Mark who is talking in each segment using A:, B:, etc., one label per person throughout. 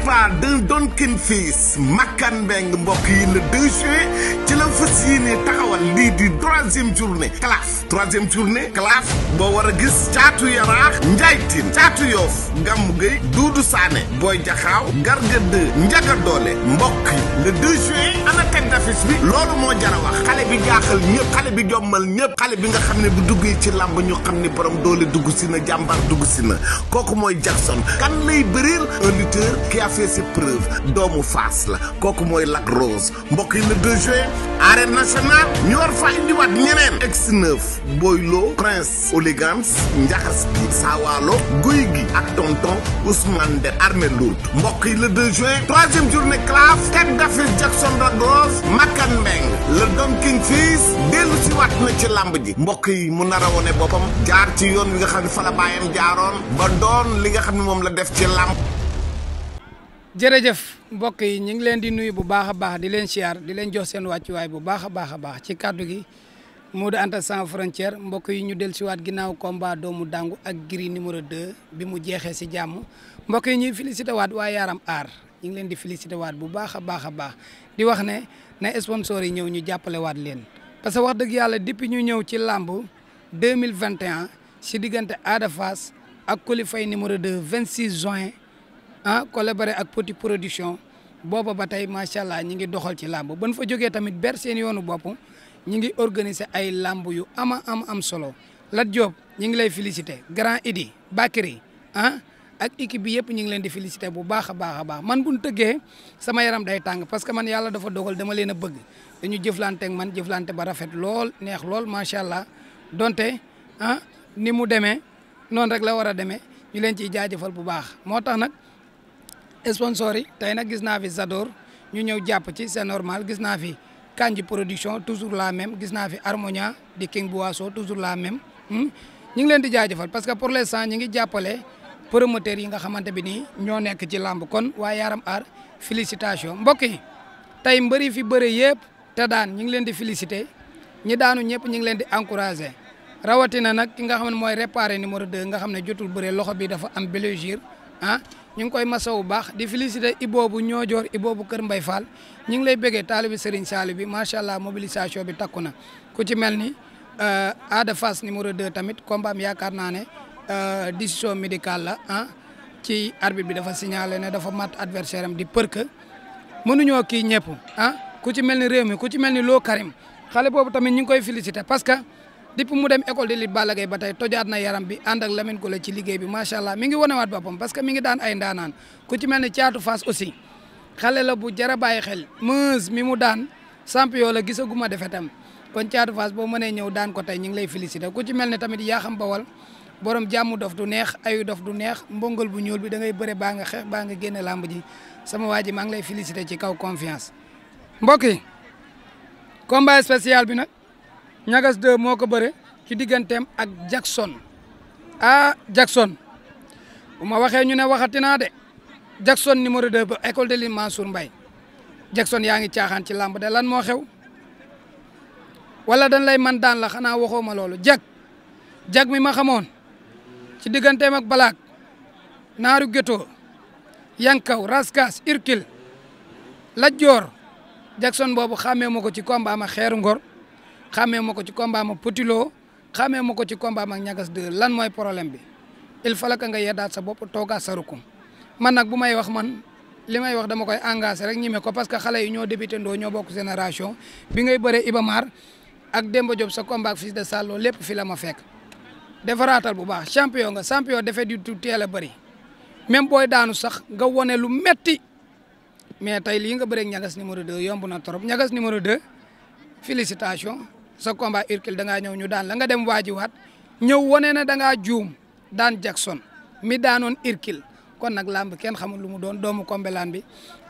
A: départ d'un Donkin Fils Makan Mbeng mbokk yi na 2 juin ci la fas yéene taxawal lii di troisième journée CLAF troisième journée CLAF boo war a gis caatu yaraax njaaytin caatu yoof gàmmu gay duudu saane booy jaxaaw garga njaga doole mbokk yi le 2 juin bi loolu moo jara xale bi jaaxal ñëpp xale bi jommal ñëpp xale bi nga xam ne bu duggee ci làmb ñu xam ne borom doole dugg si na jàmbar dugg si na kooku mooy Jackson kan lay bëreel un lutteur fait ses doomu faas la kooku mooy Lac Rose mbokk yi le 2 juin arène nationale ñu war fa indiwaat ñeneen X9 Boylo Prince Oligans Njaxas gi Sawalo Guy gi ak tonton Ousmane de Armée Lourde mbokk yi le 2 juin troisième journée claf Tête d'affiche Jackson Rose Makan Mbeng le Don King dellu si waat na ci lamb ji mbokk yi mu nar a wone boppam jaar ci yoon wi nga xam fa la bàyyam jaaroon ba doon li nga xam ne moom la def ci lamb
B: jërëjëf mbokk yi ñu ngi leen di nuyu bu baax a baax di leen siyaar di leen jox seen wàccuwaay bu baax a baax a baax ci kàddu gi Modou Anta sans frontière mbokk yi ñu del siwaat ginnaaw combat doomu dangu ak giri numéro 2 bi mu jeexee si jàmm mbokk yi ñuy félicité waat waa Yaram Aar ñu ngi leen di félicité waat bu baax a baax a baax di wax ne na sponsor yi ñëw ñu jàppale waat leen parce que wax dëgg yàlla depuis ñu ñëw ci làmb 2021 si diggante Ada Fass ak Coly Faye numéro 2 26 juin ah collaboré ak petit production booba ba tey macha allah ñi ngi doxal ci làmb ban fa jógee tamit ber seen yoonu bopp ñi ngi organiser ay làmb yu ama am am solo la Diop ñi ngi lay félicité grand Idi Bakary ah ak équipe bi yëpp ñu ngi leen di félicité bu baax a baax a baax man bu ñu tëggee sama yaram day tàng parce que man yàlla dafa dogal dama leen a bëgg dañu jëflante ak man jëflante ba rafet lool neex lool macha allah donte ah ni mu demee noonu rek la war a demee ñu leen ciy jaajëfal bu baax moo tax nag. sponsor yi tey nag gis naa fi Zador ñu ñëw jàpp ci c'est normal gis naa fi Kanji production toujours la même gis naa fi Harmonia di King Boisson toujours la même hmm? ñu ngi leen di jaajëfal parce que pour l'instant ñu ngi jàppale promoteur yi nga xamante bi nii ñoo nekk ci làmb kon waa Yaram Art félicitation mbokk yi tey mbëri fi bëre yëpp te daan ñu ngi leen di féliciter ñi daanu ñëpp ñu ngi leen di encourager rawatina nag ki nga xam ne mooy réparé numéro 2 nga xam ne jotul bëre loxo bi dafa am blessure ah ñu ngi koy masawu baax di féliciter iboobu ñoojoor iboobu kër Mbay Fall ñu ngi lay bëggee taalibi Serigne Saliou bi macha allah mobilisation bi takku na ku ci mel ni euh, Ada Fass numéro 2 tamit combat yaakaar naa ne euh, décision médicale la ah ci arbitre bi dafa signalé ne dafa mat adversaire am di përk mënuñoo kii ñëpp ah ku ci mel ni réew mi ku ci mel ni loo Karim xale boobu tamit ñu ngi koy féliciter parce que. depuis mu dem école de lutte Balla Gaye ba tey tojaat na yaram bi ànd ak Lamine Gola ci liggéey bi macha allah mi ngi wanewaat boppam parce que mi ngi daan ay ndaanaan ku ci mel ne caatu Fass aussi xale la bu jar a bàyyi xel meuse mi mu daan champion la gisaguma defe tam kon caatu Fass boo mënee ñëw daan ko tey ñu ngi lay féliciter ku ci mel ni tamit yaa xam bawal borom jàmm dof du neex ay dof du neex mbongal bu ñuul bi da ngay bëre baa nga xeex baa nga génne làmb ji sama waa ji maa ngi lay féliciter ci kaw confiance mbokk yi combat bi nag. ñagas 2 moo ko bëre ci digganteem ak Jackson ah Jackson bu ma waxee ñu ne waxati naa de Jackson numéro 2 ba école de l'Ine Mansour Jackson yaa ngi caaxaan ci làmb de lan moo xew wala dañ lay man daan la xanaa waxoo ma loolu jag jag mi ma xamoon ci digganteem ak balaak naaru gétoo yankaw raskas irkil lajjoor Jackson boobu xàmmee ma ko ci combat ma xeeru ngor xamee ma ko ci combat ma Potilo xamee ma ko ci combat ma ak ñagas de lan mooy problème bi il fallait que nga yeddaat sa bopp toogaat sa rukum man nag bu may wax man li may wax dama koy engagé rek ñime ko parce que xale yi ñoo débuté ndoo ñoo bokk génération bi ngay bëree Ibamar ak Demba Diop sa combat fils de Sallo lépp fi la ma fekk. defaraatal bu baax champion nga champion defee di tu teel a bëri même booy daanu sax nga wone lu metti mais tey lii nga bëreeg ñagas numéro 2 yomb na trop ñagas numéro 2 félicitation. sa combat Hercule da ngaa ñëw ñu daan la nga dem waajiwaat ñëw wane ne da ngaa juum daan Jackson mi daanoon Hercule kon nag làmb kenn xamul lu mu doon doomu Combelane bi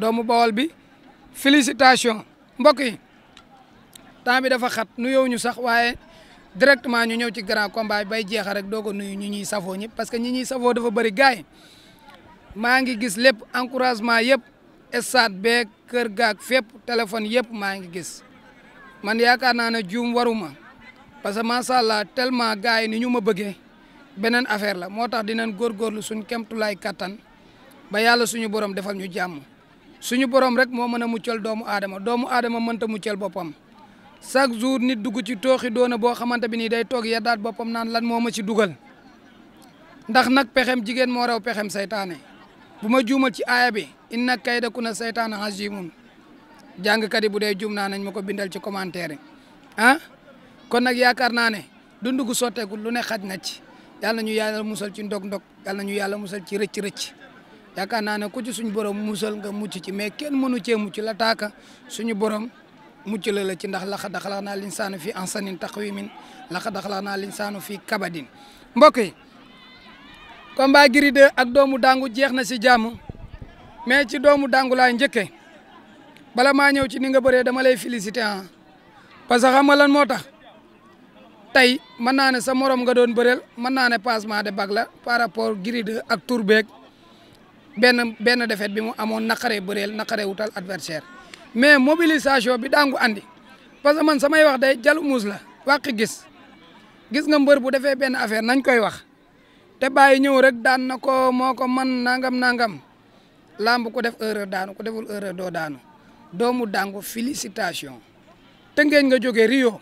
B: doomu Bawol bi félicitation mbokk yi temps bi dafa xat nuyoo ñu sax waaye directement ñu ñëw ci grand combat bay jeexa rek doo ko nuyu ñu ñuy safoo ñëpp parce que ñi ñuy safoo dafa bëri gars maa ngi gis lépp encouragement yëpp stade beeg kër gaak fépp téléphone yëpp maa ngi gis man yaakaar naa ne juum waruma parce que macha allah tellement gars yi ni ñu ma bëggee beneen affaire la moo tax dinañ góorgóorlu suñ kemtulaay kattan ba yàlla suñu borom defal ñu jàmm suñu borom rek moo mën a muccal doomu aadama doomu aadama mënta muccal boppam chaque jour ni dugg ci tooxi doona boo xamante bi nii day toog yeddaat boppam naan lan moo ma ci dugal ndax nag pexem jigéen moo raw pexem saytaane bu ma juumal ci aaya bi nag inna kayda kuna saytaana azimun jàngkat yi bu dee jum naa nañ ma ko bindal ci commentaire yi ah kon nag yaakaar naa ne dund gu sotteeku lu ne xaj na ci yàlla nañu yàlla musal ci ndog-ndog yàlla nañu yàlla musal ci rëcc-rëcc yaakaar naa ne ku ci suñu borom musal nga mucc ci mais kenn mënu cee mucc la taaka suñu borom mucc la la ci ndax laqad xalaqnaa linsaana fii ahsani taqwiimin laqad xalaqnaa linsaana fii kabadin mbokk yi combat Gris ak doomu dangu jeex na si jàmm mais ci doomu dangu laay bala maa ñëw ci ni nga bëree dama lay féliciter ah parce que xam nga lan moo tax tey mën naa ne sa morom nga doon bëreel mën naa ne passement de bac la par rapport Gris 2 ak Tourbeek benn benn défaite bi mu amoon naqaree bëreel naqare wutal adversaire mais mobilisation bi daangu andi parce que man samay wax day jalu la wàq gis gis nga mbër bu defee benn affaire nañ koy wax te bàyyi ñëw rek daan na ko moo ko man nangam nangam lamb ko def erreur daanu ko deful erreur doo daanu doomu Dangu félicitation tëngéej nga jóge Rio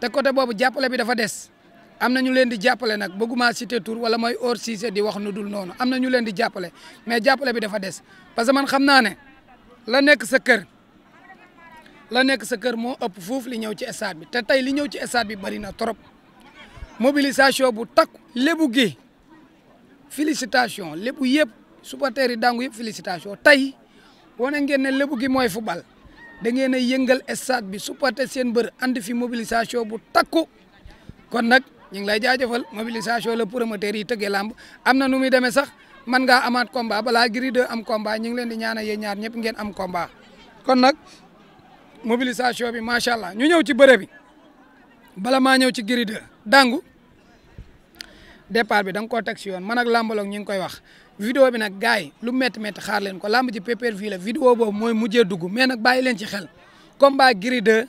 B: te côté boobu jàppale bi dafa des am na ñu leen di jàppale nag bëgguma cité tour wala mooy hors Cissé di wax nu dul noonu am na ñu leen di jàppale mais jàppale bi dafa des parce que man xam naa ne la nekk sa kër la nekk sa kër moo ëpp fuuf li ñëw ci stade bi te tey li ñëw ci stade bi bari na trop mobilisation bu takk lébu gi félicitation lébu yëpp supporters yi Dangu yëpp félicitation tey wane ngeen ne lébu gi mooy football da ngeen a yëngal stade bi supporter seen bër andi fi mobilisation bu takku kon nag ñu ngi lay jaajëfal mobilisation la promoteur yi tëggee làmb am na nu muy demee sax man ngaa amaat combat balaa Gris am combat ñu ngi leen di ñaanal yéen ñaar ñëpp ngeen am combat kon nag mobilisation bi macha allah ñu ñëw ci bëre bala maa ñëw ci Gris 2 dangu départ bi danga nga koo teg si yoon man ak ñu ngi koy wax vidéo bi nag gars yi lu métti métti xaar leen ko làmb ji pay-per-view la vidéo boobu mooy mujjee dugg mais nag bàyyi leen ci xel combat Gris 2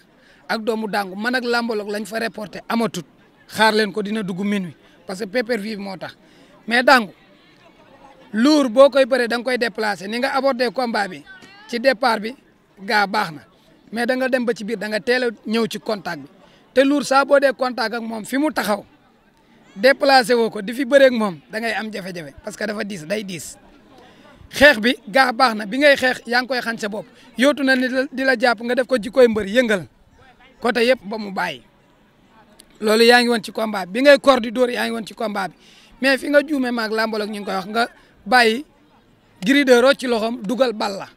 B: ak doomu dàngu man ak làmbaloog lañ fa reporté amatut xaar leen ko dina dugg minuit parce que pay moo tax mais dàngu luur boo koy bëree da nga koy déplacé ni nga abordé combat bi ci départ bi gaa baax na mais da dem ba ci biir da nga teel a ñëw ci contact bi te luur saa boo dee contact ak moom fi mu taxaw déplacé woo ko di fi bëreeg moom da ngay am jafe-jafe parce que dafa diis day diis xeex bi gaa baax na bi ngay xeex yaa ngi koy xañ bopp yootu na ni di la jàpp nga def ko jikkooy mbër yëngal côté yëpp ba mu bàyyi loolu yaa ngi woon ci combat bi ngay koor di dóor yaa ngi woon ci combat mais fi nga juumee maag làmbool ak ñu ngi koy wax nga bàyyi Gris 2 ci loxoom dugal bal la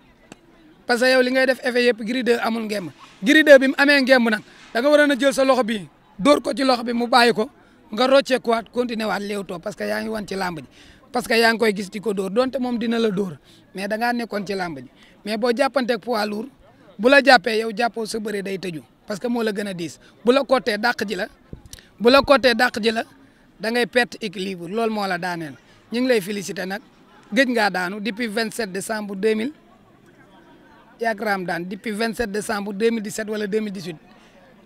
B: parce que yow li ngay def effet yëpp Gris amul ngemb Gris 2 bi mu amee ngemb nag da nga waroon jël sa loxo bi dóor ko ci loxo bi mu bàyyi ko nga rocceekuwaat continuer waat léewtoo parce que yaa ngi woon ci làmb ji parce que yaa ngi koy gis di ko dóor donte moom dina la door mais da nekkoon ci làmb mais boo jàppanteeg poids lourd bu la jàppee yow jàppoo sa bëre day tëju parce que moo la gën a diis bu la côté dàq ji la bu la côté dàq ji la da ngay perte équilibre loolu moo la daaneel ñu ngi lay féliciter nag gëj ngaa daanu depuis 27 décembre 2000 yàgg raam daan depuis 27 décembre 2017 wala 2018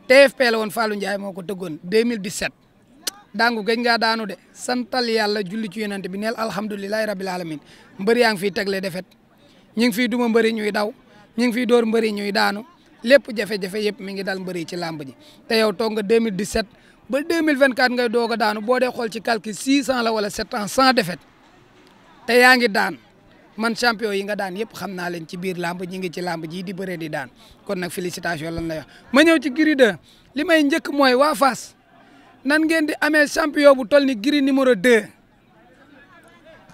B: TFP la woon Fallou Ndiaye moo ko tëggoon 2017. daangu gëj ngaa daanu de santal yàlla julli ci yonent bi neel alhamdulilahi alamin mbër yaa ngi fiy tegle defet ñu ngi fiy duma mbëri ñuy daw ñu ngi fiy dóor mbëri ñuy daanu lépp jafe-jafe yëpp mi ngi dal mbëri ci làmb ji te yow toog nga 2017 ba 2024 ngay a daanu boo dee xool ci calcul 600 la wala 700 sans te yaa ngi daan man champion yi nga daan yëpp xam naa leen ci biir làmb ñi ngi ci làmb ji di bëree di daan kon nag félicitation lan la wax ma ñëw ci Gris 2 li may njëkk mooy waa Fass nan ngeen di amee champion bu tol ni Gris numéro de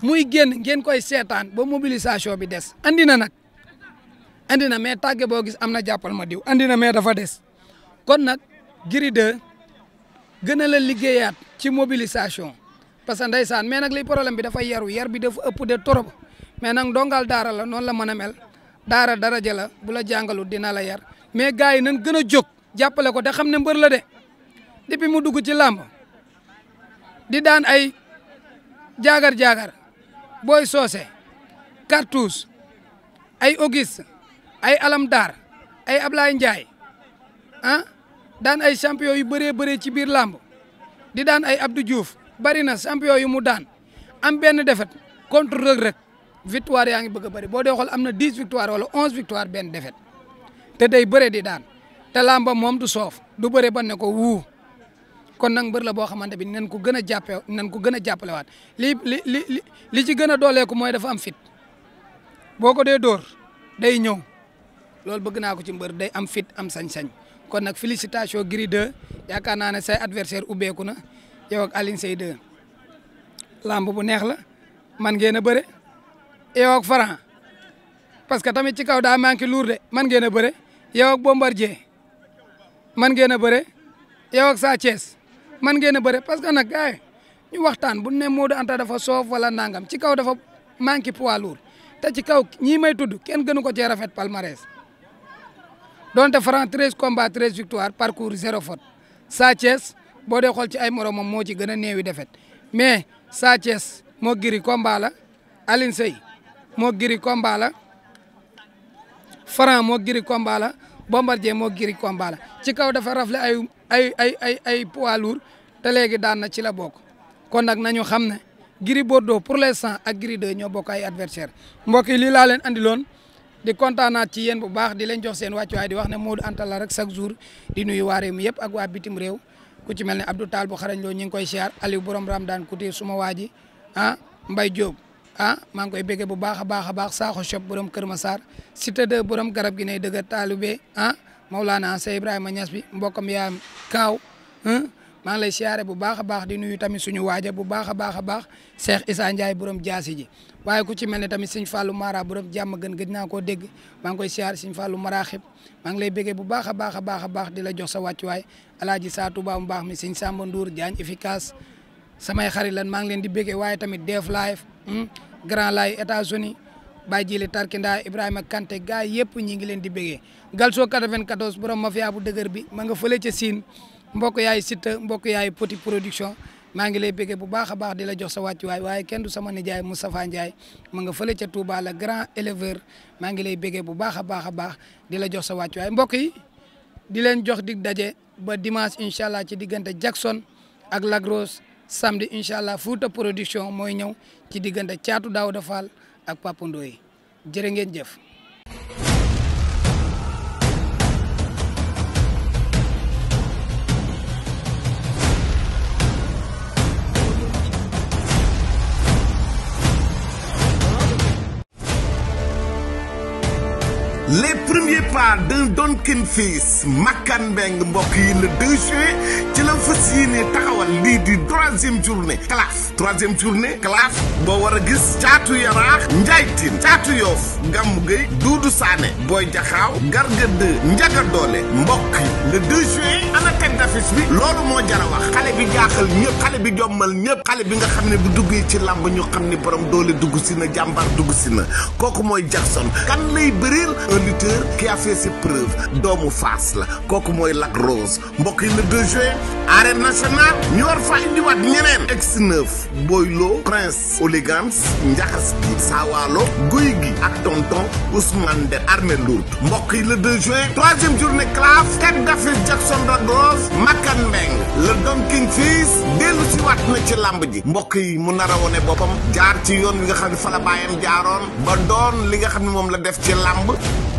B: muy génn ngeen koy seetaan ba mobilisation bi des andi na nag andi na mais tàgge boo gis am na jàppal ma diw andi na dafa des kon nag giri de gën a la liggéeyaat ci mobilisation parce que ndeysaan mais nag li problème bi dafa yaru yar bi dafa ëpp de trop mais nag ndongal daara la noonu la mën a mel daara daraja la bu la jàngalut dina la yar mais gars yi nan gën a jóg jàppale ko da xam ne mbër la de. depuis mu dugg ci làmb di daan ay jaagar-jaagar booy soose cartouche ay auguste ay alam daar ay Ablaye Ndiaye ah daan ay champion yu bëree bëree ci biir làmb di daan ay Abdou Diouf bari na champion yu mu daan am benn défaite contre Reug Reug victoire yaa ngi bëgg a boo dee xool am na dix victoire wala onze victoire benn defet te day bëre di daan te làmba moom du soof du bëre ba ne ko wuu kon nag mbër la boo xamante bi nan ko gën a jàppe nan ko gën a jàppalewaat li li li li ci gën a dooleeku mooy dafa am fit boo ko dee dóor day ñëw loolu bëgg naa ko ci mbër day am fit am sañ-sañ kon nag félicitation Gris 2 yaakaar naa ne say adversaire ubbeeku na yow ak Alioune Seye lamb bu neex la man ngeen a bëre yow ak Franc parce que tamit ci kaw daa manqué lourd de man ngeen a bëre yow ak Bombardier man ngeen a bëre yow Sa Thiès man ngeen a bëre parce que nag gars ñu waxtaan bu ne Modou Anta dafa soof wala nangam ci kaw dafa manqué poids lourd te ci kaw ñii may tudd kenn gënu ko cee rafet palmarès donte Franc 13 combats 13 victoire parcours zéro faute Sa Thiès boo dee xool ci ay moromam moo ci gën a néewi defet mais Sa moo giri combat la Aline moo giri combat la Franc moo giri combat la Bombardier moo giri combat la ci kaw dafa rafle ay ay ay ay ay poids lourd léegi daan na ci la bokk kon nag nañu xam ne Gris Bordeaux pour l'instant ak Gris 2 ñoo bokk ay adversaire mbokk yi lii laa leen andiloon di kontaanaat ci yéen bu baax di leen jox seen wàccuwaay di wax ne Modou Anta la rek chaque jour di nuyu waa réew mi yëpp ak waa bitim réew ku ci mel ne Abdou Tall bu xarañ loo ñu ngi koy siyaar Aliou borom Ramdan Couture suma waa ji ah Mbaye Diop ah maa ngi koy béggee bu baax a baax a baax saaxo shop borom Kër Massar cité de borom garab gi ne dëgg taalube ah Maulana Sey Ibrahima Niass bi mbokkam yaayam kaaw ah, maa ngi lay siyaare bu baax a baax di nuyu tamit suñu waaja bu baax a baax a baax Cheikh Issa Ndiaye borom jaasi ji waaye ku ci mel ne tamit Sëñ Fallou Mara borom jàmm gën gëj naa koo dégg maa ngi koy siyaare Sëñ Fallou Mara xib maa ngi lay béggee bu baax baax a baax a di la jox sa wàccuwaay alaaji saa Touba mu baax mi Sëñ Samba Ndour Diagne efficace samay xarit lan maa ngi leen di béggee waaye tamit def live Hmm? Grand Laye États-Unis Baye Jili Tarkinda Ibrahima kante gars yëpp ñi ngi leen di bégee Galso 94 borom mafia bu dëgër bi ma nga fële ca Sine mbokk yaay Siteu mbokk yaay Petit Production maa ngi lay bégee bu baax a baax di la jox sa wàccuwaay waaye kenn du sama nijaay Moustapha Ndiaye ma nga fële ca Touba la éleveur maa ngi lay bégee bu baax a baax a baax di la jox sa wàccuwaay mbokk yi di leen jox di daje ba dimanche incha allah ci diggante Jackson ak Lagros samedi incha allah Fouta Production mooy ñëw ci diggante Thiatou Daouda Fall ak Papa Ndoye jërë ngeen jëf.
A: les premiers pas d'un Donkin Fils Makan Mbeng mbokk yi le 2 ci la fas yéene taxawal lii di troisième journée CLAF troisième journée CLAF boo war a gis caatu yaraax njaaytin caatu yoof gàmmu gay duudu saane booy jaxaaw garga de njaga doole mbokk yi le 2 juin bi loolu moo jara xale bi jaaxal ñëpp xale bi jommal ñëpp xale bi nga xam ne bu duggee ci làmb ñu xam ne borom doole dugg si na jàmbaar dugg si na kooku mooy Jackson kan lay lutteur qui a doomu Fass la kooku mooy Lac Rose mbokk yi le 2 juin arène nationale ñu war fa indiwaat ñeneen X9 Boylo Prince Oligans Njaxas gi Guy gi ak tonton Ousmane Der Armée mbokk yi la 2 juin troisième journée claf tête d'affiche Jackson Rose Makan Mbeng le Don King dellu si waat na ci làmb ji mbokk yi mu nar wone boppam jaar ci yoon wi nga xam fa la baayam jaaroon ba doon li nga xam ne moom la def ci làmb